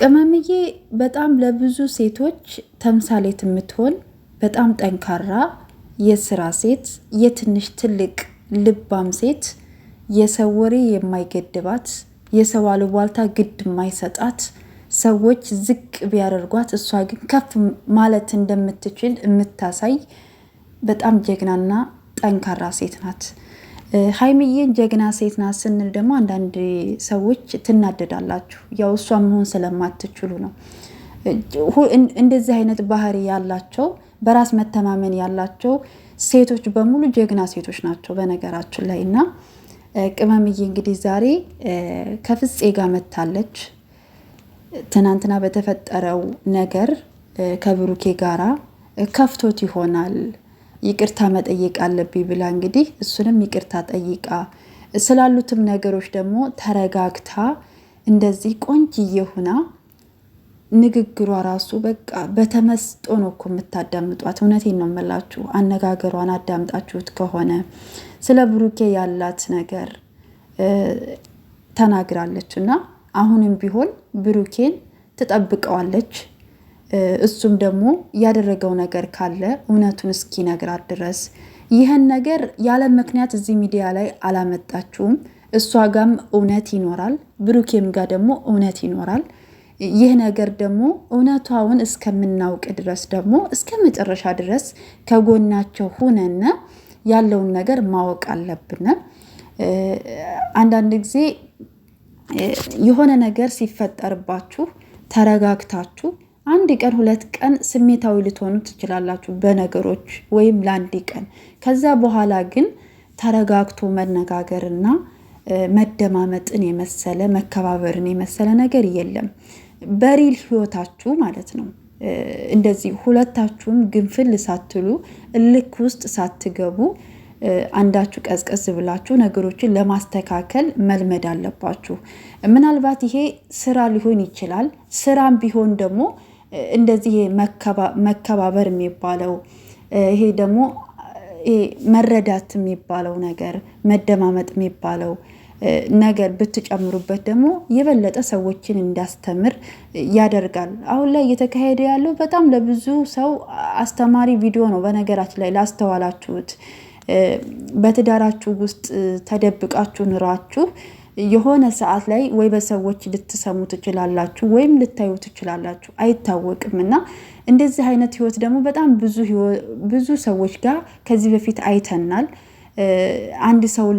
ቅመምዬ በጣም ለብዙ ሴቶች ተምሳሌት የምትሆን በጣም ጠንካራ የስራ ሴት፣ የትንሽ ትልቅ ልባም ሴት፣ የሰው ወሬ የማይገድባት፣ የሰው አልቧልታ ግድ የማይሰጣት፣ ሰዎች ዝቅ ቢያደርጓት እሷ ግን ከፍ ማለት እንደምትችል የምታሳይ በጣም ጀግናና ጠንካራ ሴት ናት። ሀይሚዬን ጀግና ሴት ናት ስንል ደግሞ አንዳንድ ሰዎች ትናደዳላችሁ። ያው እሷ መሆን ስለማትችሉ ነው። እንደዚህ አይነት ባህሪ ያላቸው በራስ መተማመን ያላቸው ሴቶች በሙሉ ጀግና ሴቶች ናቸው በነገራችን ላይ እና ቅመምዬ እንግዲህ ዛሬ ከፍፄ ጋር መታለች። ትናንትና በተፈጠረው ነገር ከብሩኬ ጋራ ከፍቶት ይሆናል ይቅርታ መጠየቅ አለብኝ ብላ እንግዲህ እሱንም ይቅርታ ጠይቃ ስላሉትም ነገሮች ደግሞ ተረጋግታ እንደዚህ ቆንጅዬ ሁና ንግግሯ ራሱ በቃ በተመስጦ ነው እኮ የምታዳምጧት። እውነቴን ነው የምላችሁ፣ አነጋገሯን አዳምጣችሁት ከሆነ ስለ ብሩኬ ያላት ነገር ተናግራለች እና አሁንም ቢሆን ብሩኬን ትጠብቀዋለች እሱም ደግሞ ያደረገው ነገር ካለ እውነቱን እስኪነግራት ድረስ ይህን ነገር ያለ ምክንያት እዚህ ሚዲያ ላይ አላመጣችውም። እሷ ጋም እውነት ይኖራል፣ ብሩኬም ጋር ደግሞ እውነት ይኖራል። ይህ ነገር ደግሞ እውነቷውን እስከምናውቅ ድረስ ደግሞ እስከ መጨረሻ ድረስ ከጎናቸው ሁነን ያለውን ነገር ማወቅ አለብን። አንዳንድ ጊዜ የሆነ ነገር ሲፈጠርባችሁ ተረጋግታችሁ አንድ ቀን ሁለት ቀን ስሜታዊ ልትሆኑ ትችላላችሁ በነገሮች ወይም ለአንድ ቀን። ከዛ በኋላ ግን ተረጋግቶ መነጋገርና መደማመጥን የመሰለ መከባበርን የመሰለ ነገር የለም በሪል ህይወታችሁ ማለት ነው። እንደዚህ ሁለታችሁም ግንፍል ሳትሉ እልክ ውስጥ ሳትገቡ አንዳችሁ ቀዝቀዝ ብላችሁ ነገሮችን ለማስተካከል መልመድ አለባችሁ። ምናልባት ይሄ ስራ ሊሆን ይችላል። ስራም ቢሆን ደግሞ እንደዚህ መከባበር የሚባለው ይሄ ደግሞ መረዳት የሚባለው ነገር መደማመጥ የሚባለው ነገር ብትጨምሩበት ደግሞ የበለጠ ሰዎችን እንዲያስተምር ያደርጋል። አሁን ላይ እየተካሄደ ያለው በጣም ለብዙ ሰው አስተማሪ ቪዲዮ ነው። በነገራችን ላይ ላስተዋላችሁት በትዳራችሁ ውስጥ ተደብቃችሁ ኑራችሁ የሆነ ሰዓት ላይ ወይ በሰዎች ልትሰሙ ትችላላችሁ፣ ወይም ልታዩ ትችላላችሁ፣ አይታወቅም እና እንደዚህ አይነት ህይወት ደግሞ በጣም ብዙ ሰዎች ጋር ከዚህ በፊት አይተናል። አንድ ሰውን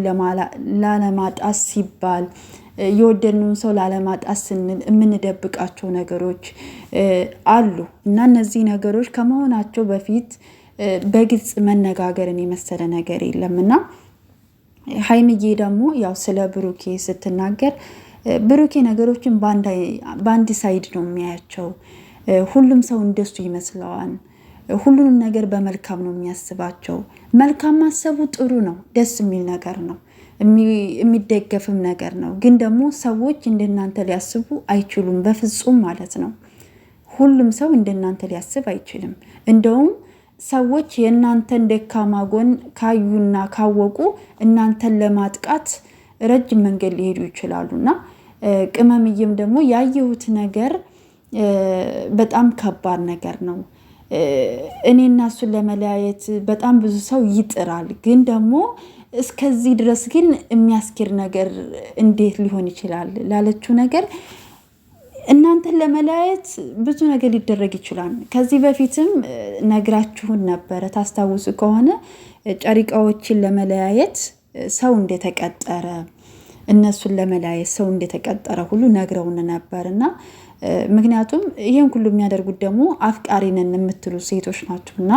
ላለማጣት ሲባል የወደድነውን ሰው ላለማጣት ስንል የምንደብቃቸው ነገሮች አሉ እና እነዚህ ነገሮች ከመሆናቸው በፊት በግልጽ መነጋገርን የመሰለ ነገር የለም እና ሀይምዬ ደግሞ ያው ስለ ብሩኬ ስትናገር ብሩኬ ነገሮችን በአንድ ሳይድ ነው የሚያያቸው። ሁሉም ሰው እንደሱ ይመስለዋል። ሁሉንም ነገር በመልካም ነው የሚያስባቸው። መልካም ማሰቡ ጥሩ ነው፣ ደስ የሚል ነገር ነው፣ የሚደገፍም ነገር ነው። ግን ደግሞ ሰዎች እንደናንተ ሊያስቡ አይችሉም፣ በፍጹም ማለት ነው። ሁሉም ሰው እንደናንተ ሊያስብ አይችልም። እንደውም ሰዎች የእናንተን ደካማ ጎን ካዩና ካወቁ እናንተን ለማጥቃት ረጅም መንገድ ሊሄዱ ይችላሉ እና ቅመምዬም ደግሞ ያየሁት ነገር በጣም ከባድ ነገር ነው። እኔ እና እሱን ለመለያየት በጣም ብዙ ሰው ይጥራል። ግን ደግሞ እስከዚህ ድረስ ግን የሚያስኬድ ነገር እንዴት ሊሆን ይችላል ላለችው ነገር እናንተን ለመለያየት ብዙ ነገር ሊደረግ ይችላል። ከዚህ በፊትም ነግራችሁን ነበረ። ታስታውሱ ከሆነ ጨሪቃዎችን ለመለያየት ሰው እንደተቀጠረ እነሱን ለመለያየት ሰው እንደተቀጠረ ሁሉ ነግረውን ነበር እና ምክንያቱም ይህን ሁሉ የሚያደርጉት ደግሞ አፍቃሪ ነን የምትሉ ሴቶች ናቸው እና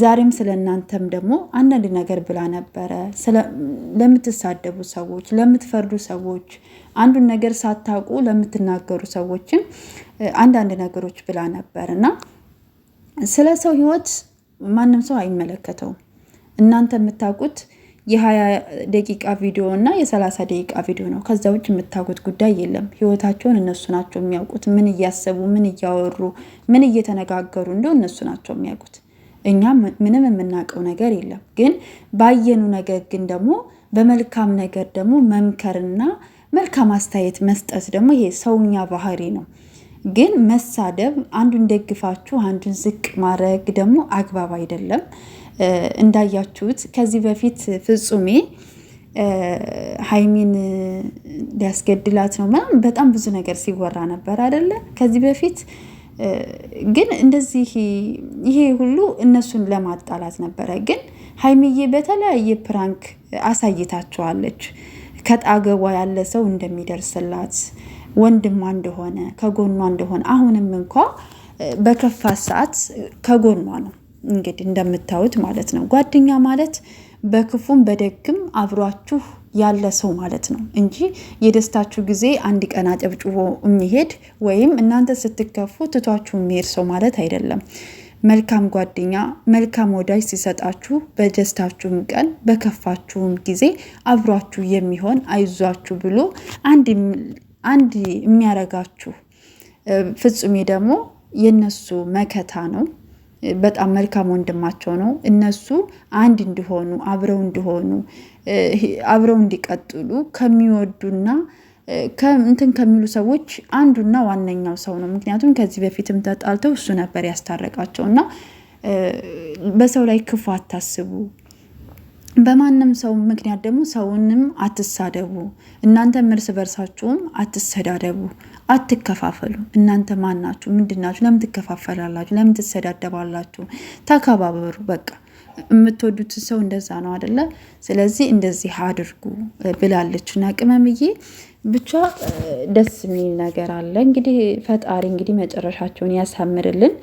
ዛሬም ስለ እናንተም ደግሞ አንዳንድ ነገር ብላ ነበረ። ለምትሳደቡ ሰዎች፣ ለምትፈርዱ ሰዎች፣ አንዱን ነገር ሳታውቁ ለምትናገሩ ሰዎችም አንዳንድ ነገሮች ብላ ነበር እና ስለ ሰው ህይወት ማንም ሰው አይመለከተውም። እናንተ የምታውቁት የሀያ ደቂቃ ቪዲዮ እና የሰላሳ ደቂቃ ቪዲዮ ነው። ከዛ ውጭ የምታውቁት ጉዳይ የለም። ህይወታቸውን እነሱ ናቸው የሚያውቁት። ምን እያሰቡ፣ ምን እያወሩ፣ ምን እየተነጋገሩ እንደው እነሱ ናቸው የሚያውቁት። እኛ ምንም የምናውቀው ነገር የለም። ግን ባየኑ ነገር ግን ደግሞ በመልካም ነገር ደግሞ መምከርና መልካም አስተያየት መስጠት ደግሞ ይሄ ሰውኛ ባህሪ ነው። ግን መሳደብ፣ አንዱን ደግፋችሁ አንዱን ዝቅ ማድረግ ደግሞ አግባብ አይደለም። እንዳያችሁት ከዚህ በፊት ፍጹሜ ሀይሚን ሊያስገድላት ነው ምናምን በጣም ብዙ ነገር ሲወራ ነበር አይደለ? ከዚህ በፊት ግን እንደዚህ ይሄ ሁሉ እነሱን ለማጣላት ነበረ። ግን ሀይሚዬ በተለያየ ፕራንክ አሳይታችኋለች ከጣገቧ ያለ ሰው እንደሚደርስላት ወንድሟ እንደሆነ ከጎኗ እንደሆነ አሁንም እንኳ በከፋ ሰዓት ከጎኗ ነው። እንግዲህ እንደምታዩት ማለት ነው። ጓደኛ ማለት በክፉም በደግም አብሯችሁ ያለ ሰው ማለት ነው እንጂ የደስታችሁ ጊዜ አንድ ቀን አጨብጭቦ የሚሄድ ወይም እናንተ ስትከፉ ትቷችሁ የሚሄድ ሰው ማለት አይደለም። መልካም ጓደኛ፣ መልካም ወዳጅ ሲሰጣችሁ በደስታችሁም ቀን በከፋችሁም ጊዜ አብሯችሁ የሚሆን አይዟችሁ ብሎ አንድ የሚያረጋችሁ ፍጹሜ ደግሞ የነሱ መከታ ነው። በጣም መልካም ወንድማቸው ነው። እነሱ አንድ እንዲሆኑ አብረው እንዲሆኑ አብረው እንዲቀጥሉ ከሚወዱና እንትን ከሚሉ ሰዎች አንዱና ዋነኛው ሰው ነው። ምክንያቱም ከዚህ በፊትም ተጣልተው እሱ ነበር ያስታረቃቸው እና በሰው ላይ ክፉ አታስቡ። በማንም ሰው ምክንያት ደግሞ ሰውንም አትሳደቡ። እናንተም እርስ በርሳችሁም አትሰዳደቡ፣ አትከፋፈሉ። እናንተ ማናችሁ? ምንድናችሁ? ለምን ትከፋፈላላችሁ? ለምን ትሰዳደባላችሁ? ተከባበሩ። በቃ የምትወዱት ሰው እንደዛ ነው አደለ? ስለዚህ እንደዚህ አድርጉ ብላለች እና ቅመምዬ ብቻ ደስ የሚል ነገር አለ። እንግዲህ ፈጣሪ እንግዲህ መጨረሻቸውን ያሳምርልን።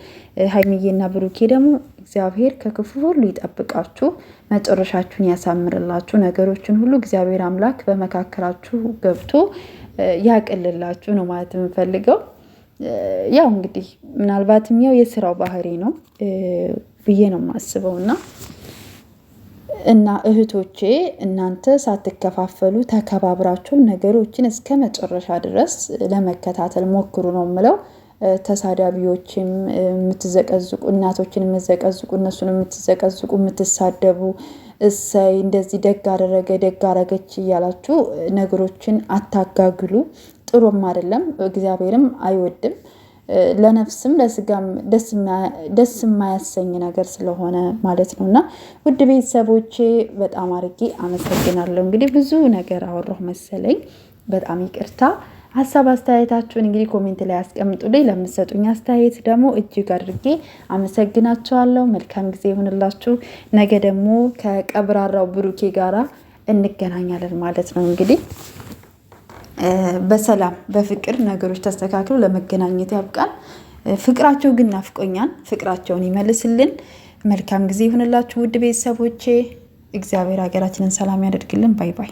ሀይሚዬና ብሩኬ ደግሞ እግዚአብሔር ከክፉ ሁሉ ይጠብቃችሁ። መጨረሻችሁን ያሳምርላችሁ። ነገሮችን ሁሉ እግዚአብሔር አምላክ በመካከላችሁ ገብቶ ያቅልላችሁ ነው ማለት የምፈልገው። ያው እንግዲህ ምናልባትም ያው የስራው ባህሪ ነው ብዬ ነው የማስበው እና እና እህቶቼ እናንተ ሳትከፋፈሉ ተከባብራችሁ ነገሮችን እስከ መጨረሻ ድረስ ለመከታተል ሞክሩ ነው የምለው። ተሳዳቢዎችም የምትዘቀዝቁ እናቶችን የምትዘቀዝቁ እነሱን የምትዘቀዝቁ የምትሳደቡ እሰይ እንደዚህ ደግ አደረገ ደግ አረገች እያላችሁ ነገሮችን አታጋግሉ። ጥሩም አይደለም፣ እግዚአብሔርም አይወድም። ለነፍስም ለስጋም ደስ የማያሰኝ ነገር ስለሆነ ማለት ነው። እና ውድ ቤተሰቦቼ በጣም አርጌ አመሰግናለሁ። እንግዲህ ብዙ ነገር አወራሁ መሰለኝ፣ በጣም ይቅርታ። ሀሳብ አስተያየታችሁን እንግዲህ ኮሜንት ላይ አስቀምጡልኝ። ለምሰጡኝ አስተያየት ደግሞ እጅግ አድርጌ አመሰግናችኋለሁ። መልካም ጊዜ ይሁንላችሁ። ነገ ደግሞ ከቀብራራው ብሩኬ ጋራ እንገናኛለን ማለት ነው እንግዲህ በሰላም በፍቅር ነገሮች ተስተካክሎ ለመገናኘት ያብቃል። ፍቅራቸው ግን ናፍቆኛል። ፍቅራቸውን ይመልስልን። መልካም ጊዜ ይሁንላችሁ ውድ ቤተሰቦቼ። እግዚአብሔር ሀገራችንን ሰላም ያደርግልን። ባይ ባይ